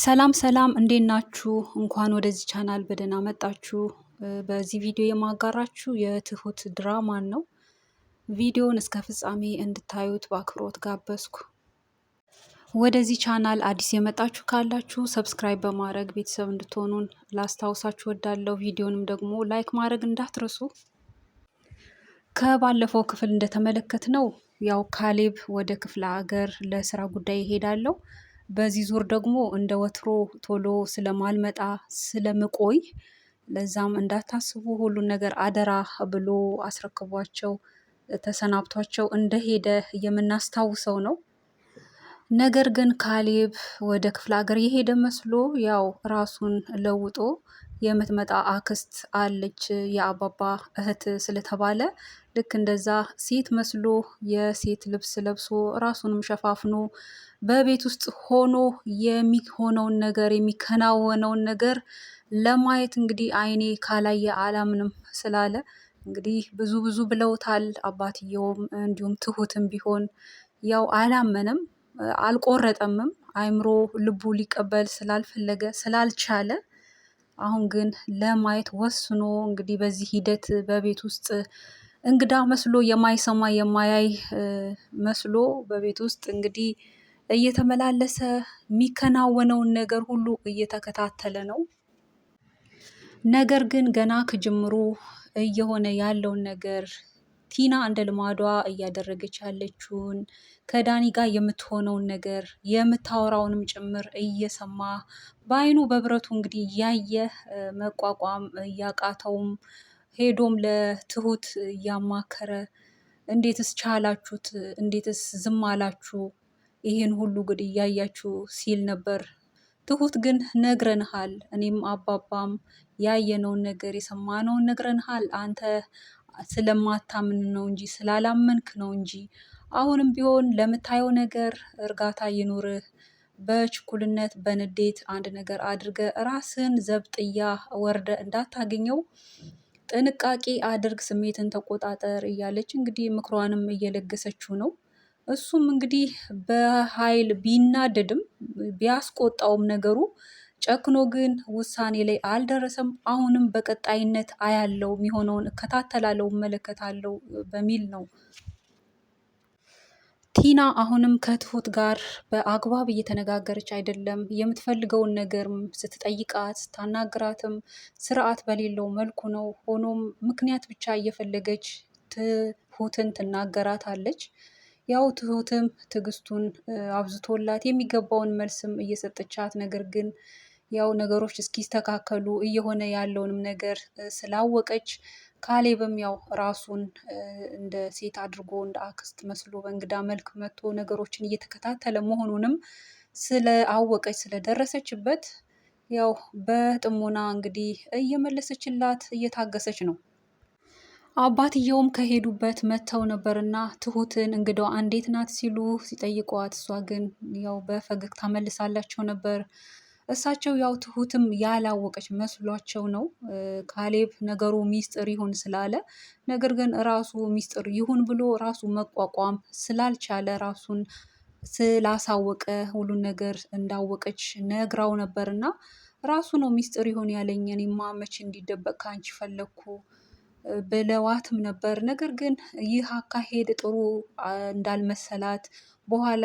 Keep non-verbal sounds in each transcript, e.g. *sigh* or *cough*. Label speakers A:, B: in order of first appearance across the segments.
A: ሰላም ሰላም እንዴት ናችሁ? እንኳን ወደዚህ ቻናል በደህና መጣችሁ። በዚህ ቪዲዮ የማጋራችሁ የትሁት ድራማን ነው። ቪዲዮውን እስከ ፍጻሜ እንድታዩት በአክብሮት ጋበዝኩ። ወደዚህ ቻናል አዲስ የመጣችሁ ካላችሁ ሰብስክራይብ በማድረግ ቤተሰብ እንድትሆኑን ላስታውሳችሁ ወዳለሁ። ቪዲዮንም ደግሞ ላይክ ማድረግ እንዳትረሱ። ከባለፈው ክፍል እንደተመለከትነው ያው ካሌብ ወደ ክፍለ ሀገር ለስራ ጉዳይ ይሄዳለው በዚህ ዙር ደግሞ እንደ ወትሮ ቶሎ ስለማልመጣ ስለምቆይ ለዛም እንዳታስቡ ሁሉን ነገር አደራ ብሎ አስረክቧቸው ተሰናብቷቸው እንደሄደ የምናስታውሰው ነው። ነገር ግን ካሌብ ወደ ክፍለ ሀገር የሄደ መስሎ ያው ራሱን ለውጦ የምትመጣ አክስት አለች የአባባ እህት ስለተባለ ልክ እንደዛ ሴት መስሎ የሴት ልብስ ለብሶ ራሱንም ሸፋፍኖ በቤት ውስጥ ሆኖ የሚሆነውን ነገር የሚከናወነውን ነገር ለማየት እንግዲህ አይኔ ካላየ አላምንም ስላለ እንግዲህ ብዙ ብዙ ብለውታል። አባትየውም እንዲሁም ትሁትም ቢሆን ያው አላመነም፣ አልቆረጠምም። አይምሮ ልቡ ሊቀበል ስላልፈለገ ስላልቻለ አሁን ግን ለማየት ወስኖ እንግዲህ በዚህ ሂደት በቤት ውስጥ እንግዳ መስሎ የማይሰማ የማያይ መስሎ በቤት ውስጥ እንግዲህ እየተመላለሰ የሚከናወነውን ነገር ሁሉ እየተከታተለ ነው። ነገር ግን ገና ከጅምሩ እየሆነ ያለውን ነገር ቲና እንደ ልማዷ እያደረገች ያለችውን ከዳኒ ጋር የምትሆነውን ነገር የምታወራውንም ጭምር እየሰማ በአይኑ በብረቱ እንግዲህ እያየ መቋቋም እያቃተውም ሄዶም ለትሁት እያማከረ እንዴትስ ቻላችሁት? እንዴትስ ዝም አላችሁ? ይህን ሁሉ ግድ እያያችሁ ሲል ነበር። ትሁት ግን ነግረንሃል፣ እኔም አባባም ያየነውን ነገር የሰማነውን ነግረንሃል። አንተ ስለማታምን ነው እንጂ ስላላመንክ ነው እንጂ። አሁንም ቢሆን ለምታየው ነገር እርጋታ ይኑርህ። በችኩልነት በንዴት አንድ ነገር አድርገ ራስን ዘብጥያ ወርደ እንዳታገኘው ጥንቃቄ አድርግ፣ ስሜትን ተቆጣጠር እያለች እንግዲህ ምክሯንም እየለገሰችው ነው። እሱም እንግዲህ በኃይል ቢናደድም ቢያስቆጣውም ነገሩ ጨክኖ ግን ውሳኔ ላይ አልደረሰም። አሁንም በቀጣይነት አያለው፣ የሚሆነውን እከታተላለው፣ እመለከታለው በሚል ነው ቲና አሁንም ከትሁት ጋር በአግባብ እየተነጋገረች አይደለም። የምትፈልገውን ነገርም ስትጠይቃት ስታናግራትም ስርዓት በሌለው መልኩ ነው። ሆኖም ምክንያት ብቻ እየፈለገች ትሁትን ትናገራታለች። ያው ትሁትም ትዕግስቱን አብዝቶላት የሚገባውን መልስም እየሰጠቻት ነገር ግን ያው ነገሮች እስኪስተካከሉ እየሆነ ያለውንም ነገር ስላወቀች ካሌብም ያው ራሱን እንደ ሴት አድርጎ እንደ አክስት መስሎ በእንግዳ መልክ መጥቶ ነገሮችን እየተከታተለ መሆኑንም ስለአወቀች ስለደረሰችበት ያው በጥሞና እንግዲህ እየመለሰችላት እየታገሰች ነው። አባትየውም ከሄዱበት መጥተው ነበርና ትሁትን እንግዳዋ እንዴት ናት ሲሉ ሲጠይቋት እሷ ግን ያው በፈገግታ መልሳላቸው ነበር። እሳቸው ያው ትሁትም ያላወቀች መስሏቸው ነው። ካሌብ ነገሩ ሚስጥር ይሁን ስላለ ነገር ግን ራሱ ሚስጥር ይሁን ብሎ ራሱ መቋቋም ስላልቻለ ራሱን ስላሳወቀ ሁሉን ነገር እንዳወቀች ነግራው ነበርና ራሱ ነው ሚስጥር ይሆን ያለኝ። እኔማ መቼ እንዲደበቅ ከአንቺ ፈለግኩ ብለዋትም ነበር። ነገር ግን ይህ አካሄድ ጥሩ እንዳልመሰላት በኋላ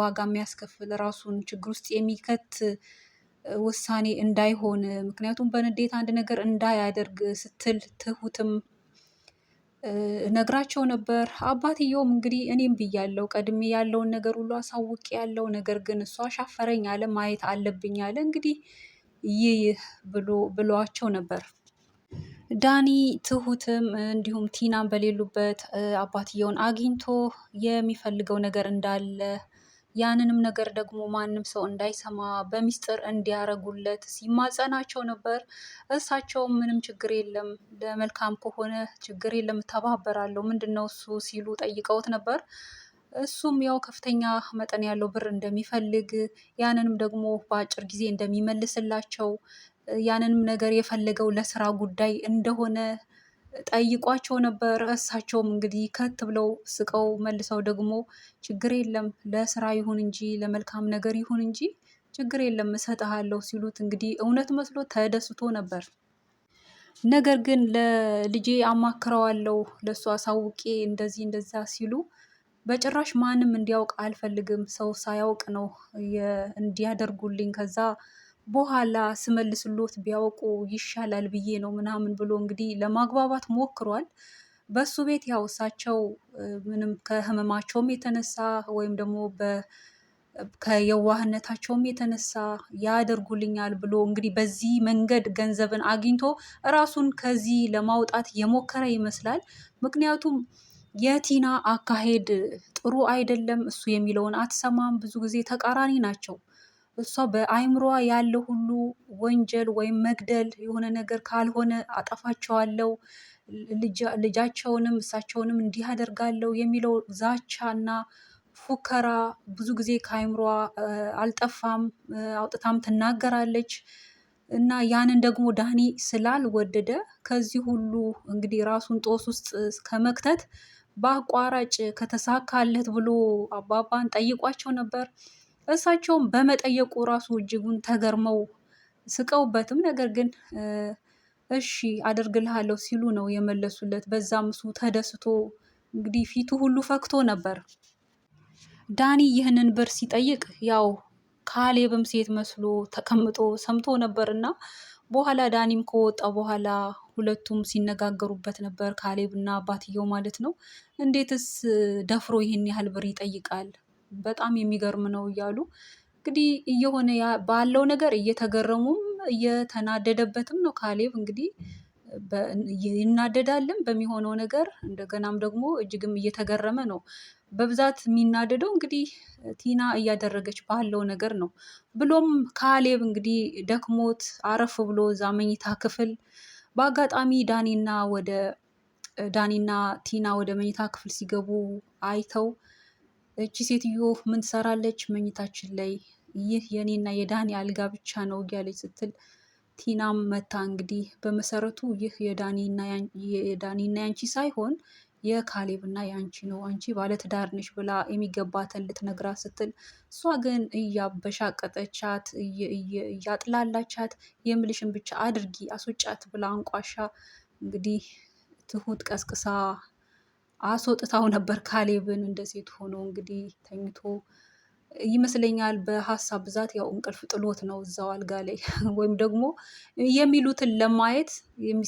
A: ዋጋ የሚያስከፍል ራሱን ችግር ውስጥ የሚከት ውሳኔ እንዳይሆን ምክንያቱም በንዴት አንድ ነገር እንዳያደርግ ስትል ትሁትም ነግራቸው ነበር። አባትየውም እንግዲህ እኔም ብያለው ቀድሜ ያለውን ነገር ሁሉ አሳውቅ ያለው ነገር ግን እሷ ሻፈረኝ አለ ማየት አለብኝ አለ እንግዲህ ይህ ብሎ ብሏቸው ነበር። ዳኒ ትሁትም እንዲሁም ቲናም በሌሉበት አባትየውን አግኝቶ የሚፈልገው ነገር እንዳለ ያንንም ነገር ደግሞ ማንም ሰው እንዳይሰማ በሚስጥር እንዲያረጉለት ሲማጸናቸው ነበር። እሳቸውም ምንም ችግር የለም ለመልካም ከሆነ ችግር የለም ተባበራለሁ፣ ምንድን ነው እሱ ሲሉ ጠይቀውት ነበር። እሱም ያው ከፍተኛ መጠን ያለው ብር እንደሚፈልግ ያንንም ደግሞ በአጭር ጊዜ እንደሚመልስላቸው ያንንም ነገር የፈለገው ለስራ ጉዳይ እንደሆነ ጠይቋቸው ነበር። እሳቸውም እንግዲህ ከት ብለው ስቀው መልሰው ደግሞ ችግር የለም ለስራ ይሁን እንጂ ለመልካም ነገር ይሁን እንጂ ችግር የለም እሰጥሃለሁ ሲሉት እንግዲህ እውነት መስሎ ተደስቶ ነበር። ነገር ግን ለልጄ አማክረዋለሁ ለእሱ አሳውቄ እንደዚህ እንደዛ ሲሉ በጭራሽ ማንም እንዲያውቅ አልፈልግም፣ ሰው ሳያውቅ ነው እንዲያደርጉልኝ ከዛ በኋላ ስመልስሎት ቢያውቁ ይሻላል ብዬ ነው ምናምን ብሎ እንግዲህ ለማግባባት ሞክሯል። በሱ ቤት ያው እሳቸው ምንም ከህመማቸውም የተነሳ ወይም ደግሞ ከየዋህነታቸውም የተነሳ ያደርጉልኛል ብሎ እንግዲህ በዚህ መንገድ ገንዘብን አግኝቶ እራሱን ከዚህ ለማውጣት የሞከረ ይመስላል። ምክንያቱም የቲና አካሄድ ጥሩ አይደለም። እሱ የሚለውን አትሰማም። ብዙ ጊዜ ተቃራኒ ናቸው። እሷ በአይምሮዋ ያለ ሁሉ ወንጀል ወይም መግደል የሆነ ነገር ካልሆነ አጠፋቸዋለው ልጃቸውንም እሳቸውንም እንዲህ አደርጋለው የሚለው እና ፉከራ ብዙ ጊዜ ከአይምሯ አልጠፋም። አውጥታም ትናገራለች እና ያንን ደግሞ ዳኒ ስላልወደደ ከዚህ ሁሉ እንግዲህ ራሱን ጦስ ውስጥ ከመክተት በአቋራጭ ከተሳካለት ብሎ አባባን ጠይቋቸው ነበር። እሳቸውም በመጠየቁ ራሱ እጅጉን ተገርመው ስቀውበትም፣ ነገር ግን እሺ አደርግልሃለሁ ሲሉ ነው የመለሱለት። በዛም እሱ ተደስቶ እንግዲህ ፊቱ ሁሉ ፈክቶ ነበር። ዳኒ ይህንን ብር ሲጠይቅ ያው ካሌብም ሴት መስሎ ተቀምጦ ሰምቶ ነበር እና በኋላ ዳኒም ከወጣ በኋላ ሁለቱም ሲነጋገሩበት ነበር፣ ካሌብ እና አባትየው ማለት ነው። እንዴትስ ደፍሮ ይህን ያህል ብር ይጠይቃል? በጣም የሚገርም ነው እያሉ እንግዲህ እየሆነ ባለው ነገር እየተገረሙም እየተናደደበትም ነው ካሌብ እንግዲህ ይናደዳልም በሚሆነው ነገር እንደገናም ደግሞ እጅግም እየተገረመ ነው። በብዛት የሚናደደው እንግዲህ ቲና እያደረገች ባለው ነገር ነው። ብሎም ካሌብ እንግዲህ ደክሞት አረፍ ብሎ እዛ መኝታ ክፍል በአጋጣሚ ዳኒና ወደ ዳኒና ቲና ወደ መኝታ ክፍል ሲገቡ አይተው እቺ ሴትዮ ምን ትሰራለች መኝታችን ላይ? ይህ የኔና የዳኒ አልጋ ብቻ ነው እያለች ስትል ቲናም መታ። እንግዲህ በመሰረቱ ይህ የዳኒና ያንቺ ሳይሆን የካሌብና የአንቺ ነው፣ አንቺ ባለትዳር ነሽ ብላ የሚገባትን ልትነግራት ስትል እሷ ግን እያበሻቀጠቻት እያጥላላቻት የምልሽን ብቻ አድርጊ አስወጫት ብላ አንቋሻ እንግዲህ ትሁት ቀስቅሳ አስወጥታው ነበር ካሌብን እንደ ሴት ሆኖ እንግዲህ ተኝቶ ይመስለኛል በሀሳብ ብዛት ያው እንቅልፍ ጥሎት ነው እዛው አልጋ ላይ *laughs* ወይም ደግሞ የሚሉትን ለማየት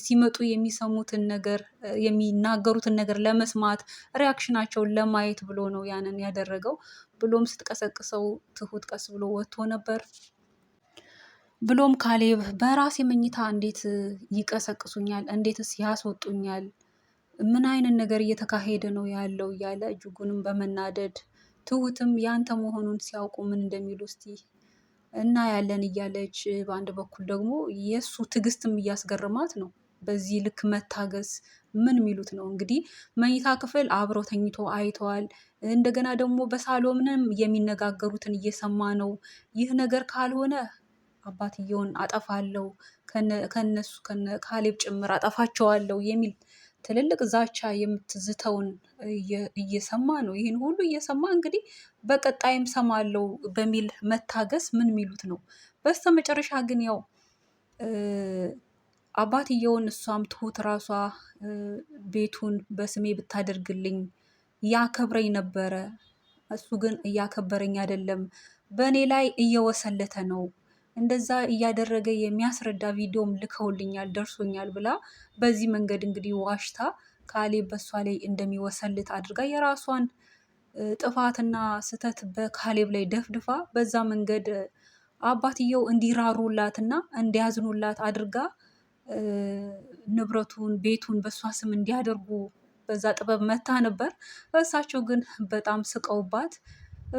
A: ሲመጡ የሚሰሙትን ነገር የሚናገሩትን ነገር ለመስማት ሪያክሽናቸውን ለማየት ብሎ ነው ያንን ያደረገው። ብሎም ስትቀሰቅሰው ትሁት ቀስ ብሎ ወጥቶ ነበር። ብሎም ካሌብ በራሴ መኝታ እንዴት ይቀሰቅሱኛል? እንዴትስ ያስወጡኛል? ምን አይነት ነገር እየተካሄደ ነው ያለው እያለ እጅጉንም በመናደድ ትሁትም ያንተ መሆኑን ሲያውቁ ምን እንደሚሉ እስቲ እናያለን እያለች በአንድ በኩል ደግሞ የእሱ ትዕግስትም እያስገርማት ነው። በዚህ ልክ መታገስ ምን የሚሉት ነው እንግዲህ። መኝታ ክፍል አብሮ ተኝቶ አይተዋል። እንደገና ደግሞ በሳሎንም የሚነጋገሩትን እየሰማ ነው። ይህ ነገር ካልሆነ አባትየውን አጠፋለው ከነሱ ካሌብ ጭምር አጠፋቸዋለው የሚል ትልልቅ ዛቻ የምትዝተውን እየሰማ ነው። ይህን ሁሉ እየሰማ እንግዲህ በቀጣይም ሰማለው በሚል መታገስ ምን የሚሉት ነው። በስተ መጨረሻ ግን ያው አባትየውን እሷም ትሁት ራሷ ቤቱን በስሜ ብታደርግልኝ ያከብረኝ ነበረ፣ እሱ ግን እያከበረኝ አይደለም፣ በእኔ ላይ እየወሰለተ ነው እንደዛ እያደረገ የሚያስረዳ ቪዲዮም ልከውልኛል ደርሶኛል ብላ በዚህ መንገድ እንግዲህ ዋሽታ ካሌብ በሷ ላይ እንደሚወሰልት አድርጋ የራሷን ጥፋትና ስህተት በካሌብ ላይ ደፍድፋ በዛ መንገድ አባትየው እንዲራሩላትና እንዲያዝኑላት አድርጋ ንብረቱን ቤቱን በእሷ ስም እንዲያደርጉ በዛ ጥበብ መታ ነበር። እሳቸው ግን በጣም ስቀውባት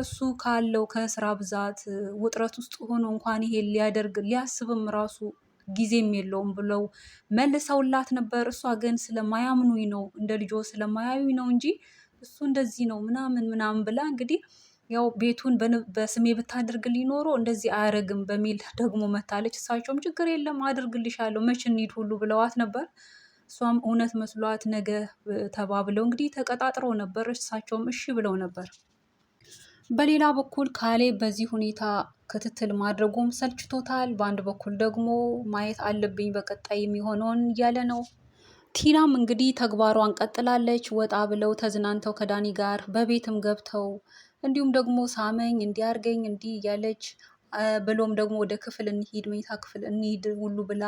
A: እሱ ካለው ከስራ ብዛት ውጥረት ውስጥ ሆኖ እንኳን ይሄ ሊያደርግ ሊያስብም ራሱ ጊዜም የለውም ብለው መልሰውላት ነበር። እሷ ግን ስለማያምኑኝ ነው እንደ ልጆ ስለማያዩኝ ነው እንጂ እሱ እንደዚህ ነው ምናምን ምናምን ብላ እንግዲህ ያው ቤቱን በስሜ ብታደርግ ሊኖሮ እንደዚህ አያደረግም በሚል ደግሞ መታለች። እሳቸውም ችግር የለም አድርግልሻለሁ፣ መቼ እንሂድ ሁሉ ብለዋት ነበር። እሷም እውነት መስሏት ነገ ተባብለው እንግዲህ ተቀጣጥረው ነበር። እሳቸውም እሺ ብለው ነበር። በሌላ በኩል ካሌ በዚህ ሁኔታ ክትትል ማድረጉም ሰልችቶታል። በአንድ በኩል ደግሞ ማየት አለብኝ በቀጣይ የሚሆነውን እያለ ነው። ቲናም እንግዲህ ተግባሯን ቀጥላለች። ወጣ ብለው ተዝናንተው ከዳኒ ጋር በቤትም ገብተው እንዲሁም ደግሞ ሳመኝ እንዲያርገኝ እንዲህ እያለች ብሎም ደግሞ ወደ ክፍል እንሂድ መኝታ ክፍል እንሂድ ሁሉ ብላ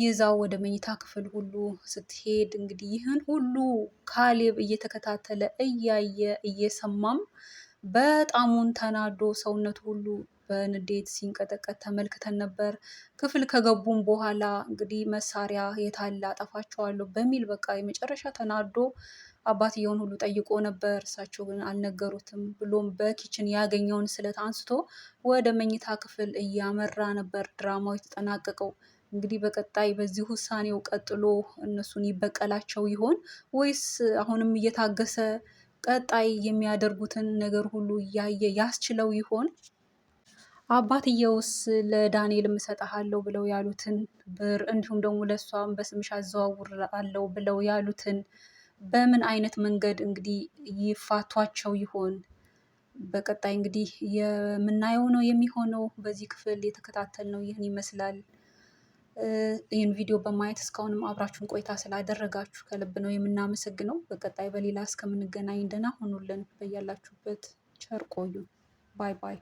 A: ይዛው ወደ መኝታ ክፍል ሁሉ ስትሄድ እንግዲህ ይህን ሁሉ ካሌብ እየተከታተለ እያየ እየሰማም በጣሙን ተናዶ ሰውነቱ ሁሉ በንዴት ሲንቀጠቀጥ ተመልክተን ነበር። ክፍል ከገቡም በኋላ እንግዲህ መሳሪያ የታለ አጠፋቸዋለሁ በሚል በቃ የመጨረሻ ተናዶ አባትየውን ሁሉ ጠይቆ ነበር። እርሳቸው ግን አልነገሩትም። ብሎም በኪችን ያገኘውን ስለት አንስቶ ወደ መኝታ ክፍል እያመራ ነበር ድራማው የተጠናቀቀው። እንግዲህ በቀጣይ በዚህ ውሳኔው ቀጥሎ እነሱን ይበቀላቸው ይሆን ወይስ አሁንም እየታገሰ ቀጣይ የሚያደርጉትን ነገር ሁሉ እያየ ያስችለው ይሆን? አባትየውስ ለዳንኤል እሰጥሃለሁ ብለው ያሉትን ብር እንዲሁም ደግሞ ለእሷም በስምሽ አዘዋውራለሁ ብለው ያሉትን በምን አይነት መንገድ እንግዲህ ይፋቷቸው ይሆን? በቀጣይ እንግዲህ የምናየው ነው የሚሆነው። በዚህ ክፍል ነው ይህን ይመስላል። ይህን ቪዲዮ በማየት እስካሁንም አብራችሁን ቆይታ ስላደረጋችሁ ከልብ ነው የምናመሰግነው። በቀጣይ በሌላ እስከምንገናኝ ደህና ሁኑልን። በያላችሁበት ቸር ቆዩ። ባይ ባይ።